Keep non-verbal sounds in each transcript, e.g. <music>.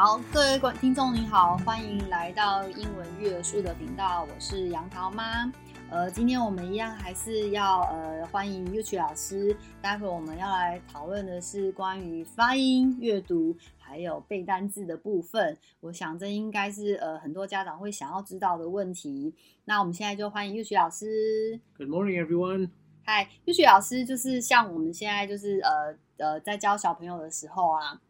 好，各位觀聽眾您好，歡迎來到英文育兒樹的頻道，我是楊桃媽。呃，今天我們一樣還是要呃歡迎 Yuqi 老師。待會我們要來討論的是關於發音、閱讀還有背單字的部分。我想這應該是呃很多家長會想要知道的問題。那我們現在就歡迎 Yuqi 老師。Good morning, everyone. Hi, Yuqi 老師，就是像我們現在就是呃呃在教小朋友的時候啊。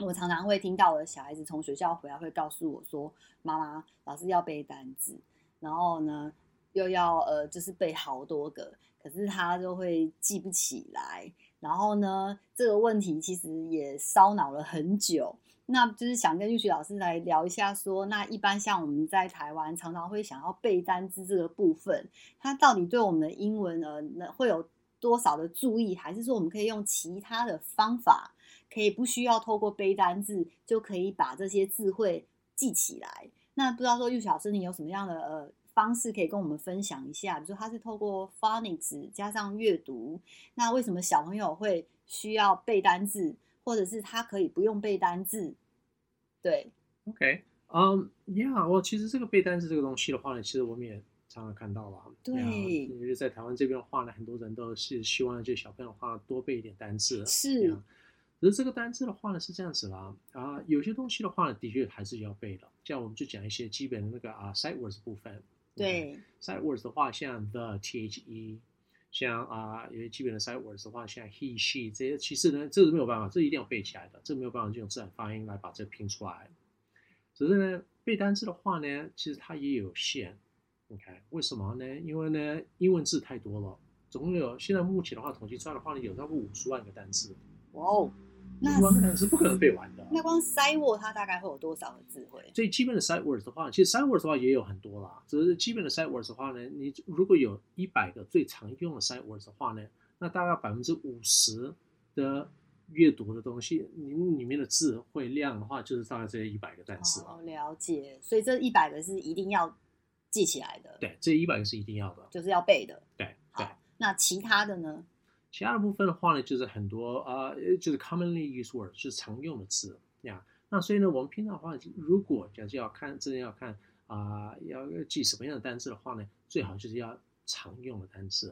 我常常會聽到我的小孩子從學校回來會告訴我說：“媽媽，老師要背單字，然後呢又要呃，就是背好多個，可是他就會記不起來。然後呢，這個問題其實也燒腦了很久。那就是想跟玉雪老師來聊一下說，說那一般像我們在台灣常常會想要背單字這個部分，它到底對我們的英文呃，那會有多少的注意，還是說我們可以用其他的方法？”可以不需要透過背單字，就可以把這些字彙記起來。那不知道說玉小師你有什麼樣的呃方式可以跟我們分享一下？比如說他是透過 phonics 加上閱讀，那為什麼小朋友會需要背單字，或者是他可以不用背單字？對，OK，嗯、um,，Yeah，我其實這個背單字這個東西的話呢，其實我們也常常看到了。對，因為在台灣這邊的話呢，很多人都是希望這小朋友的話多背一點單字。是。嗯其實這個單字的話呢是這樣子啦，啊，有些東西的話呢的確還是要背的。像我們就講一些基本的那個啊，sight words 部分。對。Okay，sight words 的話，像 the、the、the，像啊，有些基本的 sight words 的話，像 he、she 這些。其實呢，這個、是沒有辦法，這個、一定要背起來的。這個、沒有辦法用自然發音來把這個拼出來。只是呢，背單詞的話呢，其實它也有限。OK，為什麼呢？因為呢，英文字太多了，總共有現在目前的話統計出來的話呢，有超過五十萬個單詞。哇哦！那是不可能背完的。那光 sight words 它大概會有多少的字彙？最基本的 sight words 的話，其實 sight words 的話也有很多啦。只是基本的 sight words 的話呢，你如果有一百個最常用的 sight words 的話呢，那大概百分之五十的閱讀的東西，你裡面的字彙量的話，就是大概這一百個單詞了。哦。了解。所以這一百個是一定要記起來的。對，這一百個是一定要的。就是要背的。對。對。好，那其他的呢？其他的部分的話呢，就是很多啊，uh, 就是 commonly used word，就是常用的字。那所以呢，我們平常的話，如果假設要看，真的要看啊、呃，要記什麼樣的單詞的話呢，最好就是要常用的單詞。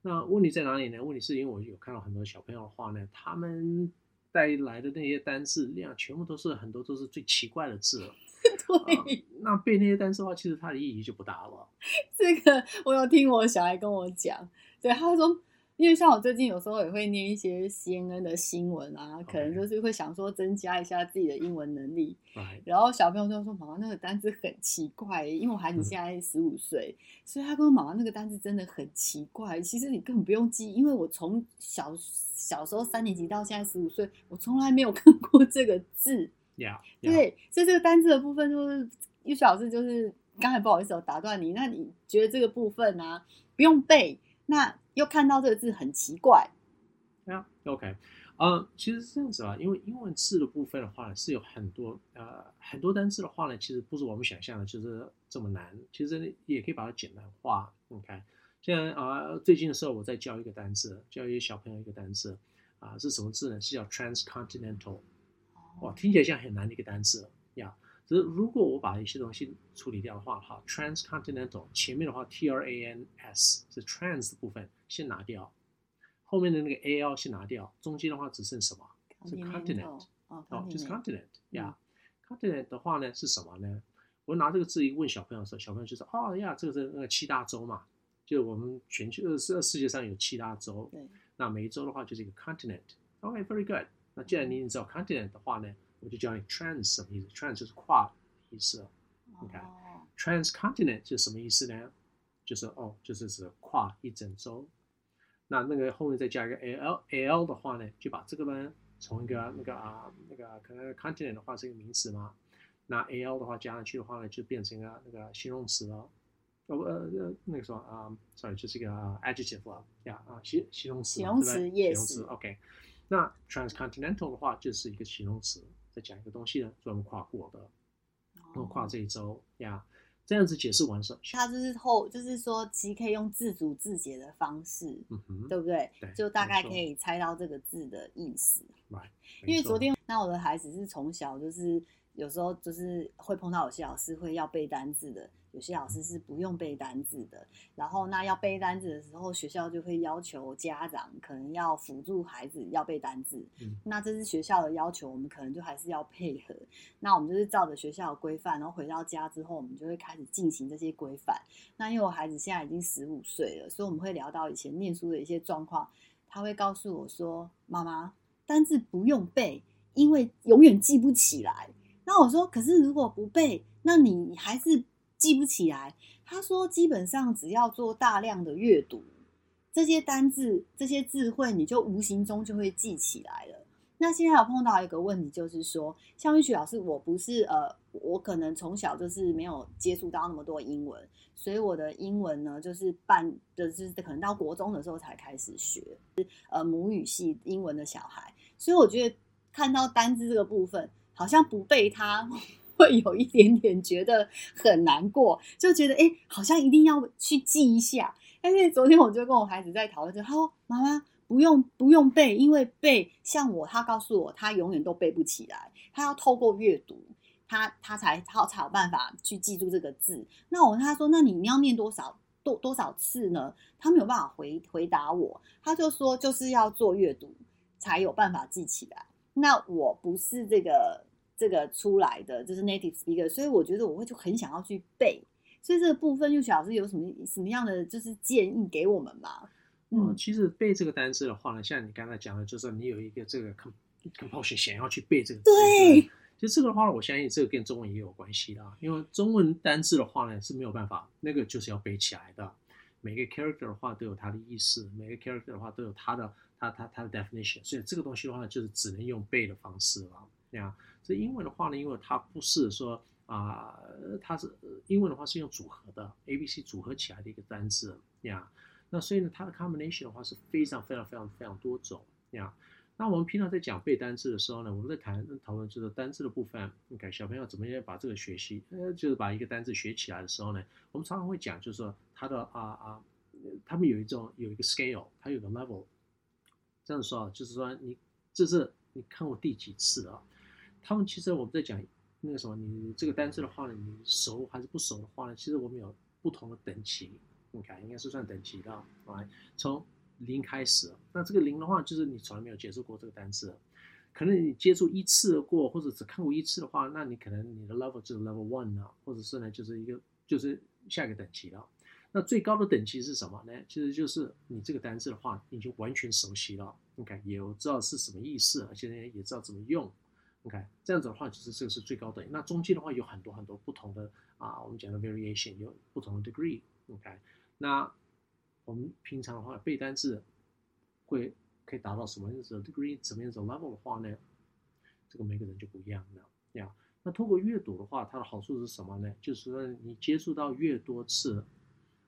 那問題在哪裡呢？問題是因為我有看到很多小朋友的話呢，他們帶來的那些單字量，全部都是很多都是最奇怪的字。 <laughs> 對 uh, 那背那些單詞的話，其實它的意義就不大了。這個我有聽我小孩跟我講，對，他說。因為像我最近有時候也會唸一些 CNN 的新聞啊，Okay. 可能就是會想說增加一下自己的英文能力。Right. 然後小朋友就說：“媽媽，那個單字很奇怪。”因為我孩子現在十五歲，嗯、所以他跟我媽媽，那個單字真的很奇怪。”其實你根本不用記，因為我從小小時候三年級到現在十五歲，我從來沒有看過這個字。Yeah, yeah. 對，所以這個單字的部分就是，一小時就是剛才不好意思我打斷你，那你覺得這個部分啊不用背那？又看到這個字很奇怪，o k 呃，yeah, okay. uh, 其實這樣子啊，因為英文字的部分的話呢是有很多呃很多單詞的話呢，其實不是我們想象的就是這麼難，其實也可以把它簡單化，OK。現在啊，最近的時候我在教一個單詞，教一個小朋友一個單詞啊，是什麼字呢？是叫 transcontinental，哦，聽起來像很難的一個單詞呀。Yeah. 只是如果我把一些東西處理掉的話，哈 transcontinental 前面的話，T-R-A-N-S 是 trans 的部分。先拿掉，後面的那個 al 先拿掉，中間的話只剩什麼？Continental, 是 cont、oh, continent 哦、oh, yeah. 嗯，就是 continent。Yeah，continent 的話呢是什麼呢？我拿這個字一問小朋友的時候，小朋友就說：“哦呀，這個是那個七大洲嘛，就我們全球呃、這個、世界上有七大洲。”對。那每一洲的話就是一個 continent。OK，very、okay, good。那既然你知道 continent 的話呢，嗯、我就教你 trans 什麼意思？trans 就是跨的意思。哦、okay. oh.。Transcontinent 是什麼意思呢？就是哦，oh, 就是指跨一整洲。那那個後面再加一個 al 的話呢，就把這個呢從一個那個、嗯嗯、啊那個可能 continent 的話是一個名詞嘛，那 al 的話加上去的話呢，就變成一個那個形容詞了，哦、呃呃那個什麼啊、um，sorry，就是一個 adjective 啊，呀啊，形形容，形容詞，對吧 yes. 形容詞，形容詞，OK。那 transcontinental 的話就是一個形容詞，再講一個東西呢，專門跨過的，跨這一洲、哦嗯、呀。這樣子解釋完是，他就是後就是說，其實可以用自主自解的方式，嗯、哼對不對？對就大概可以猜到這個字的意思。沒錯因為昨天那我的孩子是從小就是有時候就是會碰到有些老師會要背單字的。有些老師是不用背單字的，然後那要背單字的時候，學校就會要求家長可能要輔助孩子要背單字。嗯，那這是學校的要求，我們可能就還是要配合。那我們就是照着學校的規範，然後回到家之後，我們就會開始進行這些規範。那因為我孩子現在已經十五歲了，所以我們會聊到以前念書的一些狀況。他會告訴我說：“媽媽，單字不用背，因為永遠記不起來。”那我說：“可是如果不背，那你還是？”記不起來。他說，基本上只要做大量的閱讀，這些單字、這些字彙，你就無形中就會記起來了。那現在我碰到一個問題，就是說，像玉雪老師，我不是呃，我可能從小就是沒有接觸到那麼多英文，所以我的英文呢，就是半，就是可能到國中的時候才開始學，是呃，母語係英文的小孩，所以我覺得看到單字這個部分，好像不背它。會有一點點覺得很難過，就覺得哎，好像一定要去記一下。但是昨天我就跟我孩子在討論，就他說媽媽不用不用背，因為背像我，他告訴我他永遠都背不起來，他要透過閱讀，他他才好才有辦法去記住這個字。那我問他說，那你你要念多少多多少次呢？他沒有辦法回回答我，他就說就是要做閱讀才有辦法記起來。那我不是這個。這個出來的就是 native speaker，所以我覺得我會就很想要去背，所以這個部分，就小老師有什麼什麼樣的就是建議給我們嗎？嗯，嗯其實背這個單詞的話呢，像你剛才講的，就是你有一個這個 composition 想要去背這個，對。其實這個的話呢，我相信這個跟中文也有關係的啊，因為中文單字的話呢是沒有辦法，那個就是要背起來的。每個 character 的話都有它的意思，每個 character 的話都有它的它它它的，的 definition，所以這個東西的話呢就是只能用背的方式了，這樣。這英文的話呢，因為它不是說啊、呃，它是、呃、英文的話是用組合的，A、B、C 組合起來的一個單字呀。Yeah. 那所以呢，它的 combination 的話是非常非常非常非常多種呀。Yeah. 那我們平常在講背單字的時候呢，我們在談討論就是單字的部分，你看小朋友怎麼樣把這個學習，呃，就是把一個單字學起來的時候呢，我們常常會講，就是說它的啊啊，他、啊、們有一種有一個 scale，它有個 level。這樣說啊，就是說你這是你看過第幾次了？他們其實我們在講那個什麼，你這個單字的話呢，你熟還是不熟的話呢？其實我們有不同的等級。你看，應該是算等級的啊。從零開始，那這個零的話就是你從來沒有接觸過這個單字，可能你接觸一次過或者只看過一次的話，那你可能你的 level 就是 level one 啊，或者是呢就是一個就是下一個等級了。那最高的等級是什麼呢？其實就是你這個單字的話已經完全熟悉了，你看，也知道是什麼意思，而且呢也知道怎麼用。OK，這樣子的話，其實這個是最高等。那中間的話，有很多很多不同的啊，我們講的 variation，有不同的 degree。OK，那我們平常的話背單詞，會可以達到什麼樣子的 degree，什麼樣子的 level 的話呢？這個每個人就不一樣了呀、yeah。那通過閱讀的話，它的好處是什麼呢？就是說你接觸到越多次，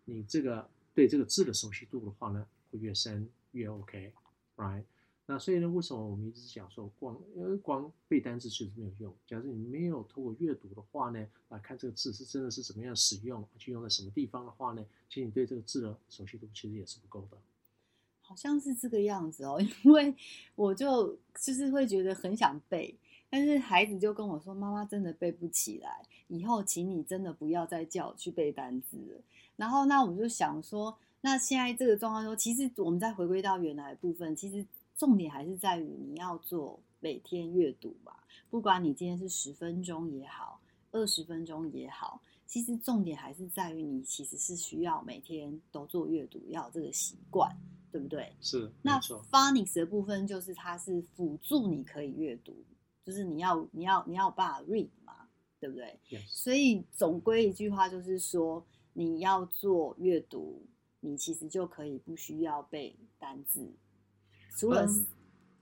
你這個對這個字的熟悉度的話呢，會越深越 OK，right？、Okay, 那所以呢，為什麼我們一直講說光，光背單詞確實沒有用？假設你沒有透過閱讀的話呢，啊，看這個字是真的是怎麼樣使用，去用在什麼地方的話呢？其實你對這個字的熟悉度其實也是不夠的。好像是這個樣子哦，因為我就就是會覺得很想背，但是孩子就跟我說：“媽媽真的背不起來，以後請你真的不要再叫我去背單詞。”然後那我們就想說，那現在這個狀況說，其實我們再回歸到原來的部分，其實。重點還是在於你要做每天閱讀嘛，不管你今天是十分鐘也好，二十分鐘也好，其實重點還是在於你其實是需要每天都做閱讀，要有這個習慣，對不對？是，那 Phonics 的部分就是它是輔助你可以閱讀，就是你要你要你要把 read 嘛，對不對？Yes. 所以總歸一句話就是說，你要做閱讀，你其實就可以不需要背單字。除了、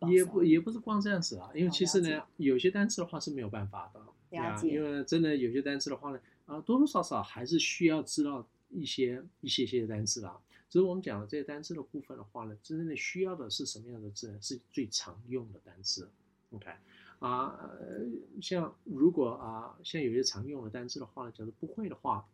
嗯，也不也不是光這樣子啊，因為其實呢，啊、有些單詞的話是沒有辦法的，對啊，了解，因為真的有些單詞的話呢，啊，多多少少還是需要知道一些一些些單詞的。所以、嗯、我們講的這些單詞的部分的話呢，真正的需要的是什麼樣的字呢？是最常用的單詞，OK？啊，像如果啊，像有些常用的單詞的話呢，假如不會的話，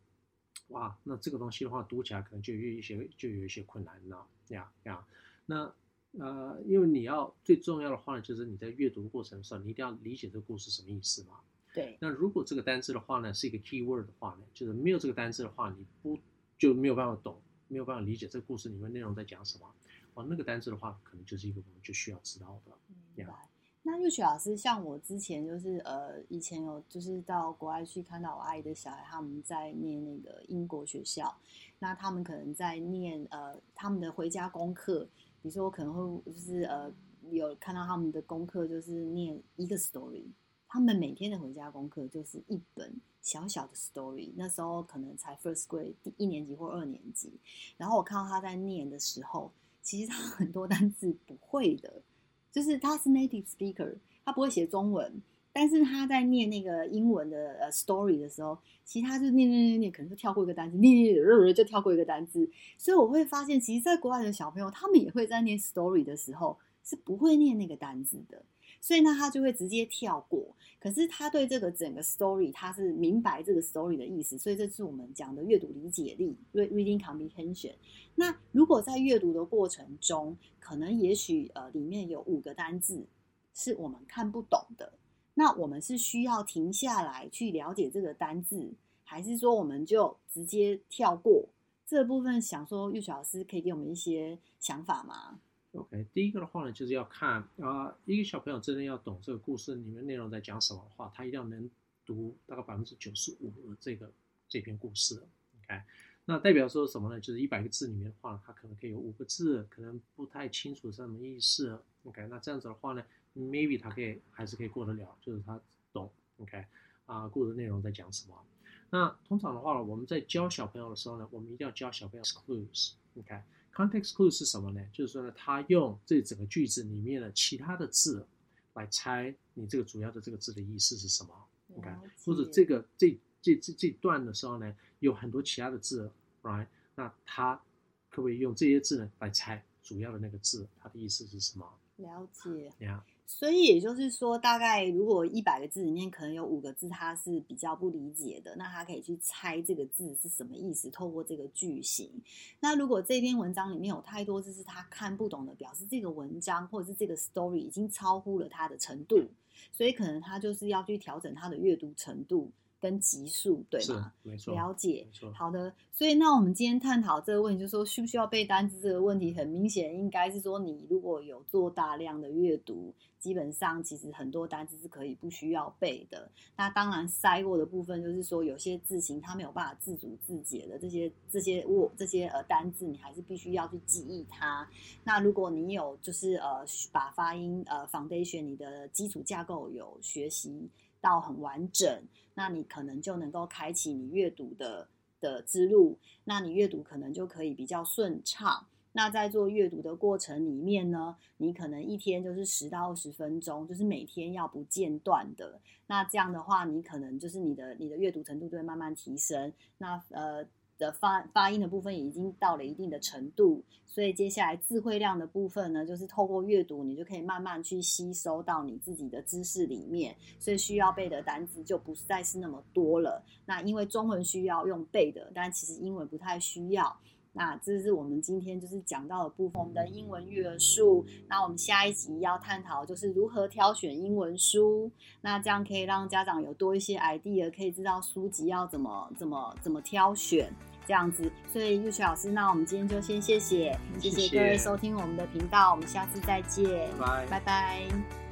哇，那這個東西的話讀起來可能就有一些就有一些困難了，這樣這樣，那。呃，因為你要最重要的話呢，就是你在閱讀的過程的時候，你一定要理解這個故事什麼意思嘛。對。那如果這個單字的話呢，是一個 key word 的話呢，就是沒有這個單字的話，你不就沒有辦法懂，沒有辦法理解這個故事裡面內容在講什麼。哦，那個單字的話，可能就是一個我們就需要知道的。明白。這樣。那佑雪老師，像我之前就是呃，以前有就是到國外去看到我阿姨的小孩，他們在念那個英國學校，那他們可能在念呃他們的回家功課。比如說，我可能會就是呃，有看到他們的功課就是念一個 story，他們每天的回家功課就是一本小小的 story。那時候可能才 first grade，第一年級或二年級。然後我看到他在念的時候，其實他很多單詞不會的，就是他是 native speaker，他不會寫中文。但是他在念那個英文的呃 story 的時候，其實他就念念念念，可能就跳過一個單字，念念就跳過一個單字。所以我會發現，其實，在國外的小朋友，他們也會在念 story 的時候是不會念那個單字的，所以呢，他就會直接跳過。可是他對這個整個 story，他是明白這個 story 的意思。所以這是我們講的閱讀理解力，reading comprehension。那如果在閱讀的過程中，可能也許呃裡面有五個單字是我們看不懂的。那我們是需要停下來去了解這個單字，還是說我們就直接跳過這部分？想說玉才老師可以給我們一些想法嗎？OK，第一個的話呢，就是要看啊、呃，一個小朋友真的要懂這個故事裡面內容在講什麼的話，他一定要能讀大概百分之九十五的這個這篇故事。OK，那代表說什麼呢？就是一百個字裡面的話，他可能可以有五個字可能不太清楚什麼意思。OK，那這樣子的話呢？Maybe 他可以還是可以過得了，就是他懂，OK，啊，故事內容在講什麼？那通常的話，我們在教小朋友的時候呢，我們一定要教小朋友 clues，OK，context clues 是什麼呢？就是說呢，他用這整個句子裡面的其他的字來猜你這個主要的這個字的意思是什麼，OK，了解。或者這個這這這這段的時候呢，有很多其他的字，Right？那他可不可以用這些字呢，來猜主要的那個字它的意思是什麼？了解，yeah? 所以也就是說，大概如果一百個字裡面可能有五個字他是比較不理解的，那他可以去猜這個字是什麼意思，透過這個句型。那如果這篇文章裡面有太多字是他看不懂的，表示這個文章或者是這個 story 已經超乎了他的程度，所以可能他就是要去調整他的閱讀程度。跟級數對嗎？沒錯，了解。沒錯，好的。所以那我們今天探討這個問題，就是說需不需要背單詞這個問題，很明顯應該是說，你如果有做大量的閱讀，基本上其實很多單詞是可以不需要背的。那當然塞過的部分，就是說有些字形它沒有辦法自主自解的這些這些我這些呃單字，你還是必須要去記憶它。那如果你有就是呃把發音呃 foundation 你的基礎架構有學習。到很完整，那你可能就能夠開啟你閱讀的的之路，那你閱讀可能就可以比較順暢。那在做閱讀的過程裡面呢，你可能一天就是十到二十分鐘，就是每天要不間斷的。那這樣的話，你可能就是你的你的閱讀程度就會慢慢提升。那呃。的發發音的部分已經到了一定的程度，所以接下來詞彙量的部分呢，就是透過閱讀，你就可以慢慢去吸收到你自己的知識裡面，所以需要背的單詞就不再是那麼多了。那因為中文需要用背的，但其實英文不太需要。那這是我們今天就是講到的部分，我們的英文育兒術。那我們下一集要探討就是如何挑選英文書，那這樣可以讓家長有多一些 idea，可以知道書籍要怎麼怎麼怎麼挑選這樣子。所以玉秋老師，那我們今天就先謝謝，謝謝，謝謝各位收聽我們的頻道，我們下次再見，拜拜。拜拜。